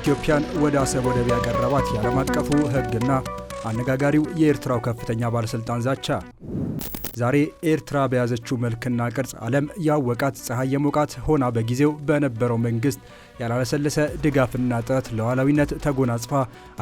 ኢትዮጵያን ወደ አሰብ ወደብ ያቀረባት የዓለም አቀፉ ሕግና አነጋጋሪው የኤርትራው ከፍተኛ ባለሥልጣን ዛቻ ዛሬ ኤርትራ በያዘችው መልክና ቅርጽ ዓለም ያወቃት ፀሐይ የሞቃት ሆና በጊዜው በነበረው መንግስት ያላለሰለሰ ድጋፍና ጥረት ለዋላዊነት ተጎናጽፋ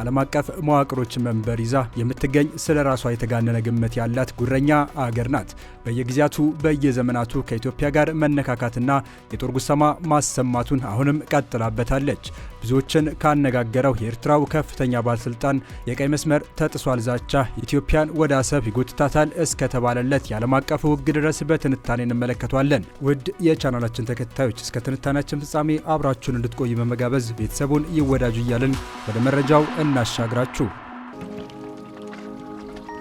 ዓለም አቀፍ መዋቅሮች መንበር ይዛ የምትገኝ ስለ ራሷ የተጋነነ ግምት ያላት ጉረኛ አገር ናት። በየጊዜያቱ በየዘመናቱ ከኢትዮጵያ ጋር መነካካትና የጦር ጉሰማ ማሰማቱን አሁንም ቀጥላበታለች። ብዙዎችን ካነጋገረው የኤርትራው ከፍተኛ ባለስልጣን የቀይ መስመር ተጥሷል ዛቻ ኢትዮጵያን ወደ አሰብ ይጎትታታል እስከተባ የተባለለት የዓለም አቀፍ ሕግ ድረስ በትንታኔ እንመለከቷለን። ውድ የቻናላችን ተከታዮች እስከ ትንታኔያችን ፍጻሜ አብራችሁን እንድትቆዩ በመጋበዝ ቤተሰቡን ይወዳጁ እያልን ወደ መረጃው እናሻግራችሁ።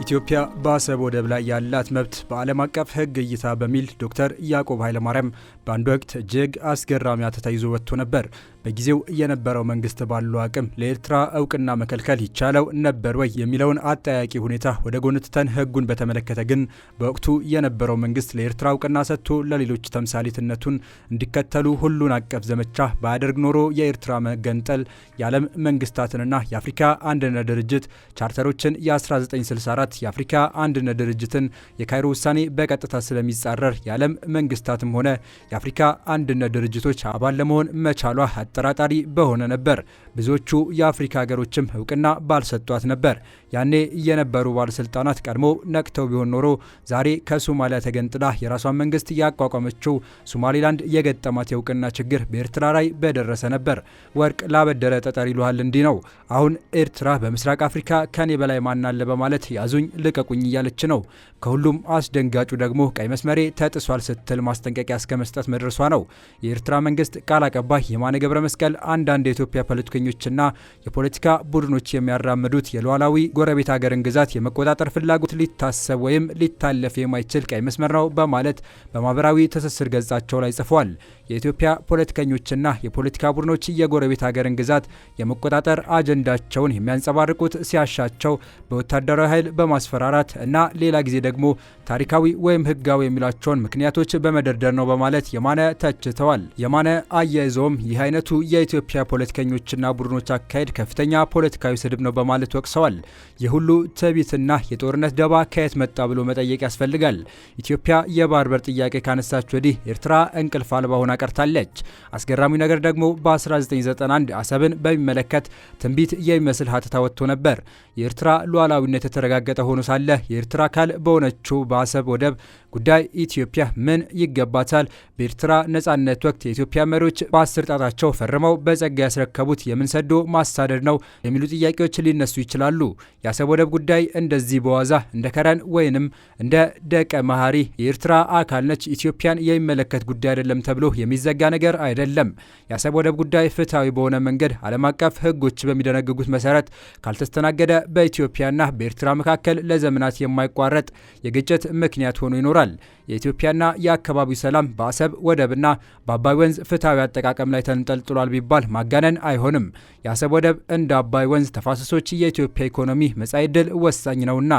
ኢትዮጵያ በአሰብ ወደብ ላይ ያላት መብት በዓለም አቀፍ ሕግ እይታ በሚል ዶክተር ያዕቆብ ኃይለማርያም በአንድ ወቅት እጅግ አስገራሚ ተታይዞ ይዞ ወጥቶ ነበር። በጊዜው የነበረው መንግስት ባለው አቅም ለኤርትራ እውቅና መከልከል ይቻለው ነበር ወይ የሚለውን አጠያቂ ሁኔታ ወደ ጎን ትተን ሕጉን በተመለከተ ግን በወቅቱ የነበረው መንግስት ለኤርትራ እውቅና ሰጥቶ ለሌሎች ተምሳሌትነቱን እንዲከተሉ ሁሉን አቀፍ ዘመቻ ባያደርግ ኖሮ የኤርትራ መገንጠል የዓለም መንግስታትንና የአፍሪካ አንድነት ድርጅት ቻርተሮችን የ1964 የአፍሪካ አንድነት ድርጅትን የካይሮ ውሳኔ በቀጥታ ስለሚጻረር የዓለም መንግስታትም ሆነ የአፍሪካ አንድነት ድርጅቶች አባል ለመሆን መቻሏ አጠራጣሪ በሆነ ነበር። ብዙዎቹ የአፍሪካ ሀገሮችም እውቅና ባልሰጧት ነበር። ያኔ የነበሩ ባለስልጣናት ቀድሞ ነቅተው ቢሆን ኖሮ ዛሬ ከሶማሊያ ተገንጥላ የራሷን መንግስት ያቋቋመችው ሶማሌላንድ የገጠማት የእውቅና ችግር በኤርትራ ላይ በደረሰ ነበር። ወርቅ ላበደረ ጠጠር ይሉሃል እንዲህ ነው። አሁን ኤርትራ በምስራቅ አፍሪካ ከኔ በላይ ማናለ በማለት ያዙ ያዙኝ ልቀቁኝ እያለች ነው። ከሁሉም አስደንጋጩ ደግሞ ቀይ መስመሬ ተጥሷል ስትል ማስጠንቀቂያ እስከ መስጠት መድረሷ ነው። የኤርትራ መንግስት ቃል አቀባይ የማነ ገብረ መስቀል አንዳንድ የኢትዮጵያ ፖለቲከኞችና የፖለቲካ ቡድኖች የሚያራምዱት የሉዓላዊ ጎረቤት ሀገርን ግዛት የመቆጣጠር ፍላጎት ሊታሰብ ወይም ሊታለፍ የማይችል ቀይ መስመር ነው በማለት በማህበራዊ ትስስር ገጻቸው ላይ ጽፏል። የኢትዮጵያ ፖለቲከኞችና የፖለቲካ ቡድኖች የጎረቤት ሀገርን ግዛት የመቆጣጠር አጀንዳቸውን የሚያንጸባርቁት ሲያሻቸው በወታደራዊ ኃይል በ በማስፈራራት እና ሌላ ጊዜ ደግሞ ታሪካዊ ወይም ህጋዊ የሚሏቸውን ምክንያቶች በመደርደር ነው በማለት የማነ ተችተዋል። የማነ አያይዘውም ይህ አይነቱ የኢትዮጵያ ፖለቲከኞችና ቡድኖች አካሄድ ከፍተኛ ፖለቲካዊ ስድብ ነው በማለት ወቅሰዋል። የሁሉ ትዕቢትና የጦርነት ደባ ከየት መጣ ብሎ መጠየቅ ያስፈልጋል። ኢትዮጵያ የባህር በር ጥያቄ ካነሳች ወዲህ ኤርትራ እንቅልፍ አልባ ሆና ቀርታለች። አስገራሚው ነገር ደግሞ በ1991 አሰብን በሚመለከት ትንቢት የሚመስል ሀተታ ወጥቶ ነበር። የኤርትራ ሉዓላዊነት የተረጋገጠ የተረጋገጠ ሆኖ ሳለ የኤርትራ አካል በሆነችው በአሰብ ወደብ ጉዳይ ኢትዮጵያ ምን ይገባታል? በኤርትራ ነጻነት ወቅት የኢትዮጵያ መሪዎች በአስር ጣታቸው ፈርመው በጸጋ ያስረከቡት የምንሰዶ ማሳደድ ነው የሚሉ ጥያቄዎች ሊነሱ ይችላሉ። የአሰብ ወደብ ጉዳይ እንደዚህ በዋዛ እንደ ከረን ወይንም እንደ ደቀ መሀሪ የኤርትራ አካል ነች፣ ኢትዮጵያን የሚመለከት ጉዳይ አይደለም ተብሎ የሚዘጋ ነገር አይደለም። የአሰብ ወደብ ጉዳይ ፍትሐዊ በሆነ መንገድ ዓለም አቀፍ ሕጎች በሚደነግጉት መሰረት ካልተስተናገደ በኢትዮጵያና በኤርትራ መካከል መካከል ለዘመናት የማይቋረጥ የግጭት ምክንያት ሆኖ ይኖራል። የኢትዮጵያና የአካባቢው ሰላም በአሰብ ወደብና በአባይ ወንዝ ፍትሐዊ አጠቃቀም ላይ ተንጠልጥሏል ቢባል ማጋነን አይሆንም። የአሰብ ወደብ እንደ አባይ ወንዝ ተፋሰሶች የኢትዮጵያ ኢኮኖሚ መጻኢ ዕድል ወሳኝ ነውና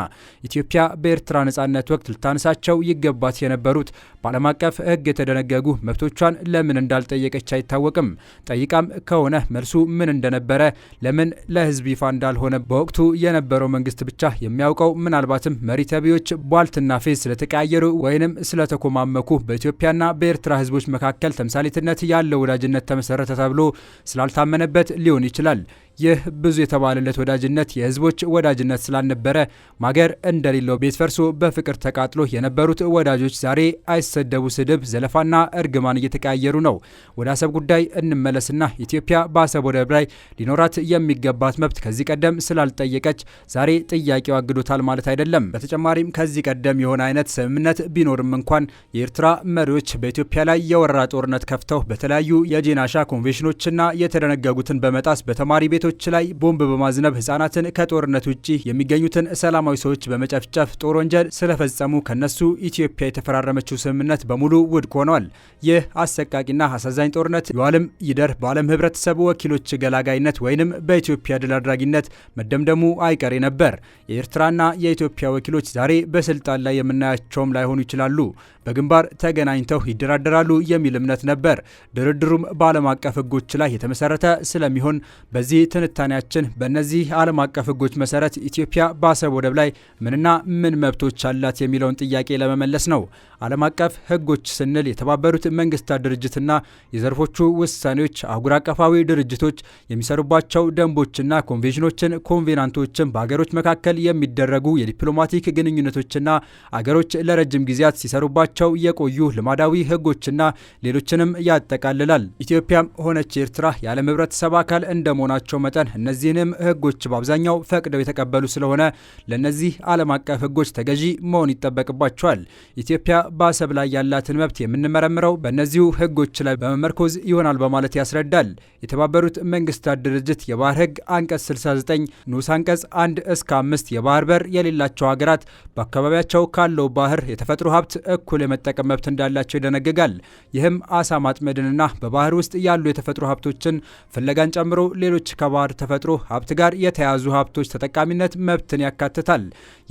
ኢትዮጵያ በኤርትራ ነጻነት ወቅት ልታነሳቸው ይገባት የነበሩት በዓለም አቀፍ ሕግ የተደነገጉ መብቶቿን ለምን እንዳልጠየቀች አይታወቅም። ጠይቃም ከሆነ መልሱ ምን እንደነበረ ለምን ለሕዝብ ይፋ እንዳልሆነ በወቅቱ የነበረው መንግስት ብቻ የሚያውቅ የሚታወቀው ምናልባትም መሪ ተቢዎች ቧልትና ፌዝ ስለተቀያየሩ ወይንም ስለተኮማመኩ በኢትዮጵያና በኤርትራ ህዝቦች መካከል ተምሳሌትነት ያለው ወዳጅነት ተመሰረተ ተብሎ ስላልታመነበት ሊሆን ይችላል። ይህ ብዙ የተባለለት ወዳጅነት የህዝቦች ወዳጅነት ስላልነበረ ማገር እንደሌለው ቤት ፈርሶ በፍቅር ተቃጥሎ የነበሩት ወዳጆች ዛሬ አይሰደቡ ስድብ፣ ዘለፋና እርግማን እየተቀያየሩ ነው። ወደ አሰብ ጉዳይ እንመለስና ኢትዮጵያ በአሰብ ወደብ ላይ ሊኖራት የሚገባት መብት ከዚህ ቀደም ስላልጠየቀች ዛሬ ጥያቄው አግዶታል ማለት አይደለም። በተጨማሪም ከዚህ ቀደም የሆነ አይነት ስምምነት ቢኖርም እንኳን የኤርትራ መሪዎች በኢትዮጵያ ላይ የወረራ ጦርነት ከፍተው በተለያዩ የጄናሻ ኮንቬንሽኖችና የተደነገጉትን በመጣስ በተማሪ ቤቶች ቤቶች ላይ ቦምብ በማዝነብ ህጻናትን ከጦርነት ውጭ የሚገኙትን ሰላማዊ ሰዎች በመጨፍጨፍ ጦር ወንጀል ስለፈጸሙ ከነሱ ኢትዮጵያ የተፈራረመችው ስምምነት በሙሉ ውድቅ ሆኗል። ይህ አሰቃቂና አሳዛኝ ጦርነት የዋለም ይደር በዓለም ህብረተሰቡ ወኪሎች ገላጋይነት ወይንም በኢትዮጵያ ድል አድራጊነት መደምደሙ አይቀሬ ነበር። የኤርትራና የኢትዮጵያ ወኪሎች ዛሬ በስልጣን ላይ የምናያቸውም ላይሆኑ ይችላሉ። በግንባር ተገናኝተው ይደራደራሉ የሚል እምነት ነበር። ድርድሩም በዓለም አቀፍ ህጎች ላይ የተመሰረተ ስለሚሆን በዚህ ትንታኔያችን በእነዚህ ዓለም አቀፍ ህጎች መሰረት ኢትዮጵያ በአሰብ ወደብ ላይ ምንና ምን መብቶች አላት የሚለውን ጥያቄ ለመመለስ ነው። ዓለም አቀፍ ህጎች ስንል የተባበሩት መንግስታት ድርጅትና የዘርፎቹ ውሳኔዎች፣ አህጉር አቀፋዊ ድርጅቶች የሚሰሩባቸው ደንቦችና ኮንቬንሽኖችን፣ ኮንቬናንቶችን፣ በሀገሮች መካከል የሚደረጉ የዲፕሎማቲክ ግንኙነቶችና አገሮች ለረጅም ጊዜያት ሲሰሩባቸው የቆዩ ልማዳዊ ህጎችና ሌሎችንም ያጠቃልላል። ኢትዮጵያም ሆነች ኤርትራ የዓለም ህብረተሰብ አካል እንደመሆናቸው መጠን እነዚህንም ህጎች በአብዛኛው ፈቅደው የተቀበሉ ስለሆነ ለእነዚህ ዓለም አቀፍ ህጎች ተገዢ መሆን ይጠበቅባቸዋል። ኢትዮጵያ በአሰብ ላይ ያላትን መብት የምንመረምረው በእነዚሁ ህጎች ላይ በመመርኮዝ ይሆናል በማለት ያስረዳል። የተባበሩት መንግስታት ድርጅት የባህር ህግ አንቀጽ 69 ንዑስ አንቀጽ 1 እስከ 5 የባህር በር የሌላቸው ሀገራት በአካባቢያቸው ካለው ባህር የተፈጥሮ ሀብት እኩል የመጠቀም መብት እንዳላቸው ይደነግጋል። ይህም አሳ ማጥመድንና በባህር ውስጥ ያሉ የተፈጥሮ ሀብቶችን ፍለጋን ጨምሮ ሌሎች ከባድ ተፈጥሮ ሀብት ጋር የተያዙ ሀብቶች ተጠቃሚነት መብትን ያካትታል።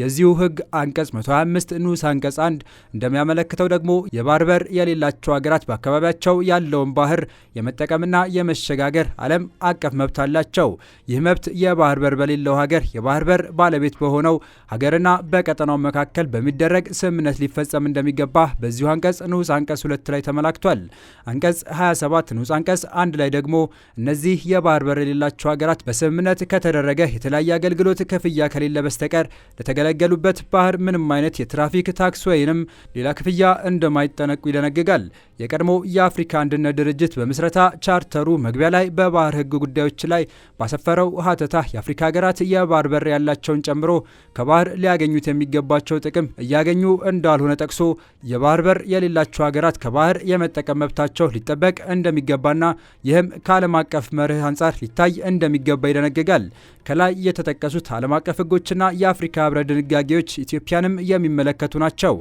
የዚሁ ህግ አንቀጽ 125 ንዑስ አንቀጽ 1 እንደሚያመለክተው ደግሞ የባህር በር የሌላቸው ሀገራት በአካባቢያቸው ያለውን ባህር የመጠቀምና የመሸጋገር ዓለም አቀፍ መብት አላቸው። ይህ መብት የባህር በር በሌለው ሀገር የባህር በር ባለቤት በሆነው ሀገርና በቀጠናው መካከል በሚደረግ ስምምነት ሊፈጸም እንደሚገባ በዚሁ አንቀጽ ንዑስ አንቀጽ 2 ላይ ተመላክቷል። አንቀጽ 27 ንዑስ አንቀጽ አንድ ላይ ደግሞ እነዚህ የባህር በር የሌላቸው ባላቸው ሀገራት በስምምነት ከተደረገ የተለያየ አገልግሎት ክፍያ ከሌለ በስተቀር ለተገለገሉበት ባህር ምንም አይነት የትራፊክ ታክስ ወይንም ሌላ ክፍያ እንደማይጠነቁ ይደነግጋል። የቀድሞ የአፍሪካ አንድነት ድርጅት በምስረታ ቻርተሩ መግቢያ ላይ በባህር ህግ ጉዳዮች ላይ ባሰፈረው ሀተታ የአፍሪካ ሀገራት የባህር በር ያላቸውን ጨምሮ ከባህር ሊያገኙት የሚገባቸው ጥቅም እያገኙ እንዳልሆነ ጠቅሶ የባህር በር የሌላቸው ሀገራት ከባህር የመጠቀም መብታቸው ሊጠበቅ እንደሚገባና ይህም ከዓለም አቀፍ መርህ አንጻር ሊታይ እንደሚገባ ይደነግጋል። ከላይ የተጠቀሱት ዓለም አቀፍ ህጎችና የአፍሪካ ህብረት ድንጋጌዎች ኢትዮጵያንም የሚመለከቱ ናቸው።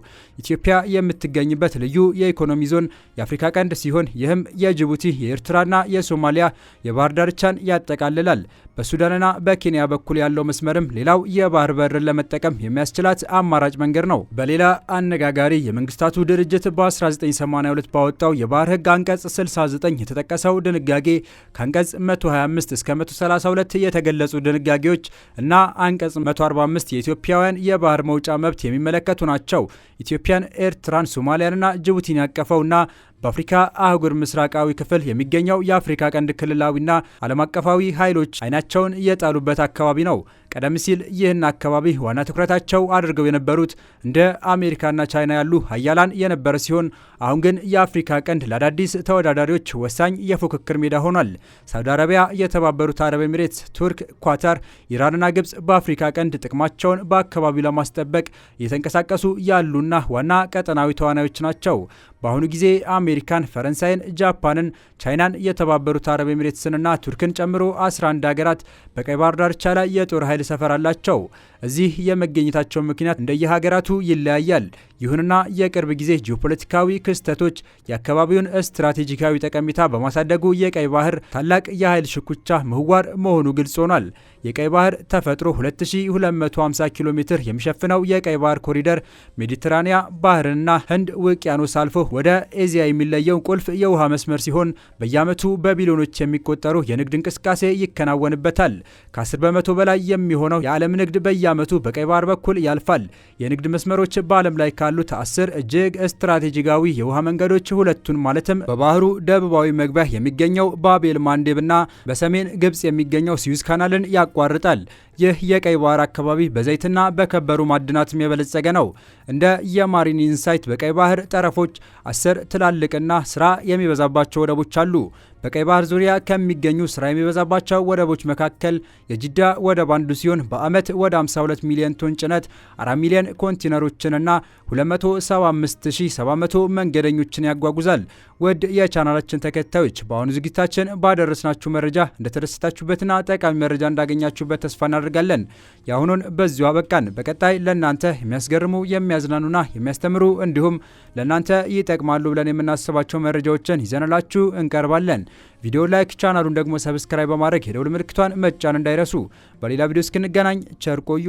ኢትዮጵያ የምትገኝበት ልዩ የኢኮኖሚ ዞን የአፍሪካ ቀንድ ሲሆን ይህም የጅቡቲ የኤርትራና የሶማሊያ የባህር ዳርቻን ያጠቃልላል። በሱዳንና በኬንያ በኩል ያለው መስመርም ሌላው የባህር በርን ለመጠቀም የሚያስችላት አማራጭ መንገድ ነው። በሌላ አነጋጋሪ የመንግስታቱ ድርጅት በ1982 ባወጣው የባህር ህግ አንቀጽ 69 የተጠቀሰው ድንጋጌ ከአንቀጽ 125 እስከ 132 የተገለጹ ድንጋጌዎች እና አንቀጽ 145 የኢትዮጵያውያን የባህር መውጫ መብት የሚመለከቱ ናቸው። ኢትዮጵያን፣ ኤርትራን፣ ሶማሊያንና ጅቡቲን ያቀፈውና በአፍሪካ አህጉር ምስራቃዊ ክፍል የሚገኘው የአፍሪካ ቀንድ ክልላዊና ዓለም አቀፋዊ ኃይሎች አይናቸውን እየጣሉበት አካባቢ ነው። ቀደም ሲል ይህን አካባቢ ዋና ትኩረታቸው አድርገው የነበሩት እንደ አሜሪካና ቻይና ያሉ ሀያላን የነበረ ሲሆን አሁን ግን የአፍሪካ ቀንድ ለአዳዲስ ተወዳዳሪዎች ወሳኝ የፉክክር ሜዳ ሆኗል። ሳውዲ አረቢያ፣ የተባበሩት አረብ ኤሚሬትስ፣ ቱርክ፣ ኳታር፣ ኢራንና ግብጽ በአፍሪካ ቀንድ ጥቅማቸውን በአካባቢው ለማስጠበቅ እየተንቀሳቀሱ ያሉና ዋና ቀጠናዊ ተዋናዮች ናቸው። በአሁኑ ጊዜ አሜሪካን፣ ፈረንሳይን፣ ጃፓንን፣ ቻይናን፣ የተባበሩት አረብ ኤሚሬትስንና ቱርክን ጨምሮ 11 ሀገራት በቀይ ባህር ዳርቻ ላይ የጦር ኃይል ሰፈር አላቸው። እዚህ የመገኘታቸው ምክንያት እንደየሀገራቱ ይለያያል። ይሁንና የቅርብ ጊዜ ጂኦፖለቲካዊ ክስተቶች የአካባቢውን ስትራቴጂካዊ ጠቀሜታ በማሳደጉ የቀይ ባህር ታላቅ የኃይል ሽኩቻ ምህዋር መሆኑ ግልጽ ሆኗል። የቀይ ባህር ተፈጥሮ 2250 ኪሎ ሜትር የሚሸፍነው የቀይ ባህር ኮሪደር ሜዲትራኒያ ባህርና ህንድ ውቅያኖስ አልፎ ወደ ኤዚያ የሚለየው ቁልፍ የውሃ መስመር ሲሆን በየዓመቱ በቢሊዮኖች የሚቆጠሩ የንግድ እንቅስቃሴ ይከናወንበታል። ከ10 በመቶ በላይ የሚሆነው የዓለም ንግድ በየዓመቱ በቀይ ባህር በኩል ያልፋል። የንግድ መስመሮች በዓለም ላይ ካሉት አስር እጅግ ስትራቴጂካዊ የውሃ መንገዶች ሁለቱን ማለትም በባህሩ ደቡባዊ መግቢያ የሚገኘው ባቤል ማንዴብና በሰሜን ግብጽ የሚገኘው ስዩዝ ካናልን ያቋርጣል። ይህ የቀይ ባህር አካባቢ በዘይትና በከበሩ ማዕድናትም የበለጸገ ነው። እንደ የማሪን ኢንሳይት በቀይ ባህር ጠረፎች አስር ትላልቅና ስራ የሚበዛባቸው ወደቦች አሉ። በቀይ ባህር ዙሪያ ከሚገኙ ስራ የሚበዛባቸው ወደቦች መካከል የጅዳ ወደብ አንዱ ሲሆን በዓመት ወደ 52 ሚሊዮን ቶን ጭነት 4 ሚሊዮን ኮንቴነሮችንና 275700 መንገደኞችን ያጓጉዛል። ውድ የቻናላችን ተከታዮች በአሁኑ ዝግጅታችን ባደረስናችሁ መረጃ እንደተደሰታችሁበትና ጠቃሚ መረጃ እንዳገኛችሁበት ተስፋ እናደርጋለን። የአሁኑን በዚሁ አበቃን። በቀጣይ ለእናንተ የሚያስገርሙ የሚያዝናኑና የሚያስተምሩ እንዲሁም ለእናንተ ይጠቅማሉ ብለን የምናስባቸው መረጃዎችን ይዘንላችሁ እንቀርባለን። ቪዲዮ ላይክ፣ ቻናሉን ደግሞ ሰብስክራይብ በማድረግ የደውል ምልክቷን መጫን እንዳይረሱ። በሌላ ቪዲዮ እስክንገናኝ ቸር ቆዩ።